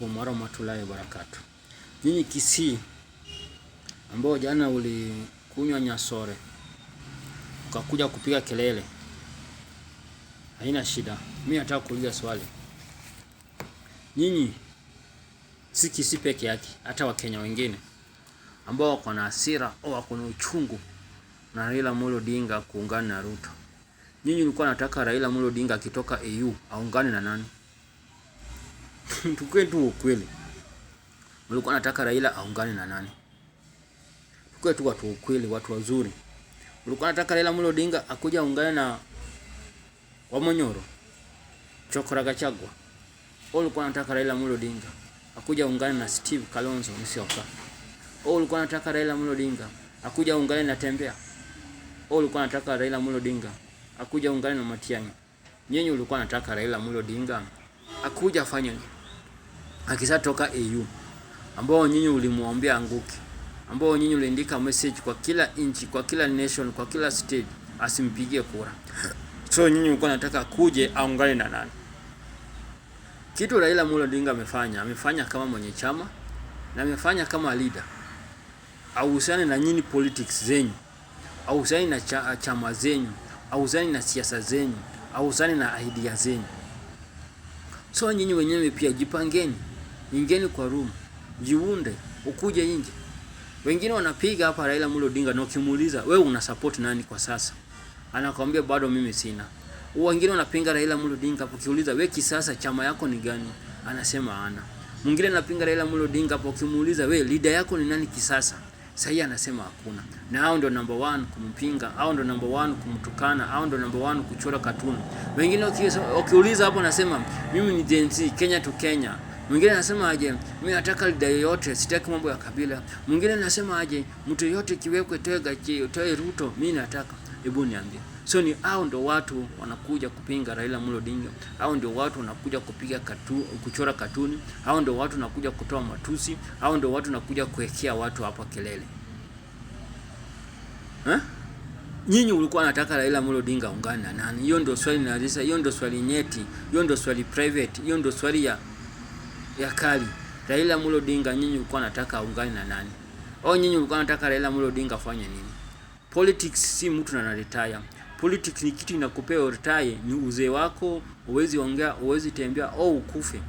alaikum warahmatullahi wabarakatuh. Nyinyi Kisii ambao jana ulikunywa nyasore ukakuja kupiga kelele, haina shida. Mimi nataka kuuliza swali, nyinyi si Kisii peke yake, hata Wakenya wengine ambao wako na hasira au wako na uchungu na Raila Amolo Odinga kuungana na Ruto, nyinyi ulikuwa nataka Raila Amolo Odinga akitoka EU aungane na nani? tukwe tu ukweli. Mlikuwa nataka Raila aungane na nani? Tukwe tu watu ukweli, watu wazuri. Mlikuwa nataka Raila Amolo Odinga akuja aungane na Wamonyoro Chokora Gachagua. Ulikuwa nataka Raila Amolo Odinga akuja aungane na Steve Kalonzo Musyoka. Ulikuwa nataka Raila Amolo Odinga akuja aungane na Tembea. Ulikuwa nataka Raila Amolo Odinga akuja aungane na Matiang'i. Nyinyi ulikuwa nataka Raila Amolo Odinga akuja afanye akishatoka EU ambao nyinyi ulimwambia anguke, ambao nyinyi uliandika message kwa kila inchi, kwa kila nation, kwa kila state asimpigie kura. So nyinyi mlikuwa nataka kuje aungane na nani? Kitu Raila Amolo Odinga amefanya, amefanya kama mwenye chama na amefanya kama leader. Ahusiane na nyinyi politics zenyu, ahusiane na cha, chama zenyu, ahusiane na siasa zenyu, ahusiane na idea zenyu. So nyinyi wenyewe pia jipangeni. Ingieni kwa room, jiunde, ukuje nje. Wengine wanapiga hapa Raila Amolo Odinga na ukimuuliza wewe una support nani kwa sasa? anakuambia bado mimi sina. Wengine wanapinga Raila Amolo Odinga hapo, ukiuliza wewe kisasa chama yako ni gani? Anasema ana. Mwingine anapinga Raila Amolo Odinga hapo, ukimuuliza wewe leader yako ni nani kisasa? Sahii anasema hakuna. Na hao ndio number one kumpinga, hao ndio number one kumtukana, hao ndio number one kuchora katuni. Wengine ukiuliza hapo nasema mimi ni Gen Z, Kenya to Kenya. Mwingine anasema aje, mimi nataka lida yote, sitaki mambo ya kabila. Mwingine anasema aje, mtu yote kiwekwe toega toe Ruto, mimi nataka. Hebu niambie. So ni hao ndio watu wanakuja kupinga Raila Amolo Odinga. Hao ndio watu wanakuja kupiga katu, kuchora katuni. Hao ndio watu wanakuja kutoa matusi. Hao ndio watu wanakuja kuwekea watu hapa kelele. Eh? Nyinyi ulikuwa nataka Raila Amolo Odinga ungana nani? Hiyo ndio swali na hiyo ndio swali nyeti, hiyo ndio swali private, hiyo ndio swali ya ya kali, Raila Amolo Odinga, nyinyi ulikuwa nataka aungane na nani? Au nyinyi ulikuwa nataka Raila Amolo Odinga afanye nini? Politics si mtu na retire. Politics ni kitu inakupea retire, ni uzee wako, uwezi ongea, uwezi tembea au ukufe.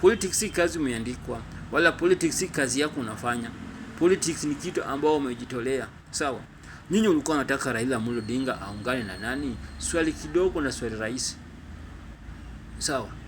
Politics si kazi umeandikwa, wala politics si kazi yako unafanya. Politics ni kitu ambao umejitolea, sawa? Nyinyi ulikuwa nataka Raila Amolo Odinga aungane na nani? Swali kidogo na swali rahisi, sawa? So,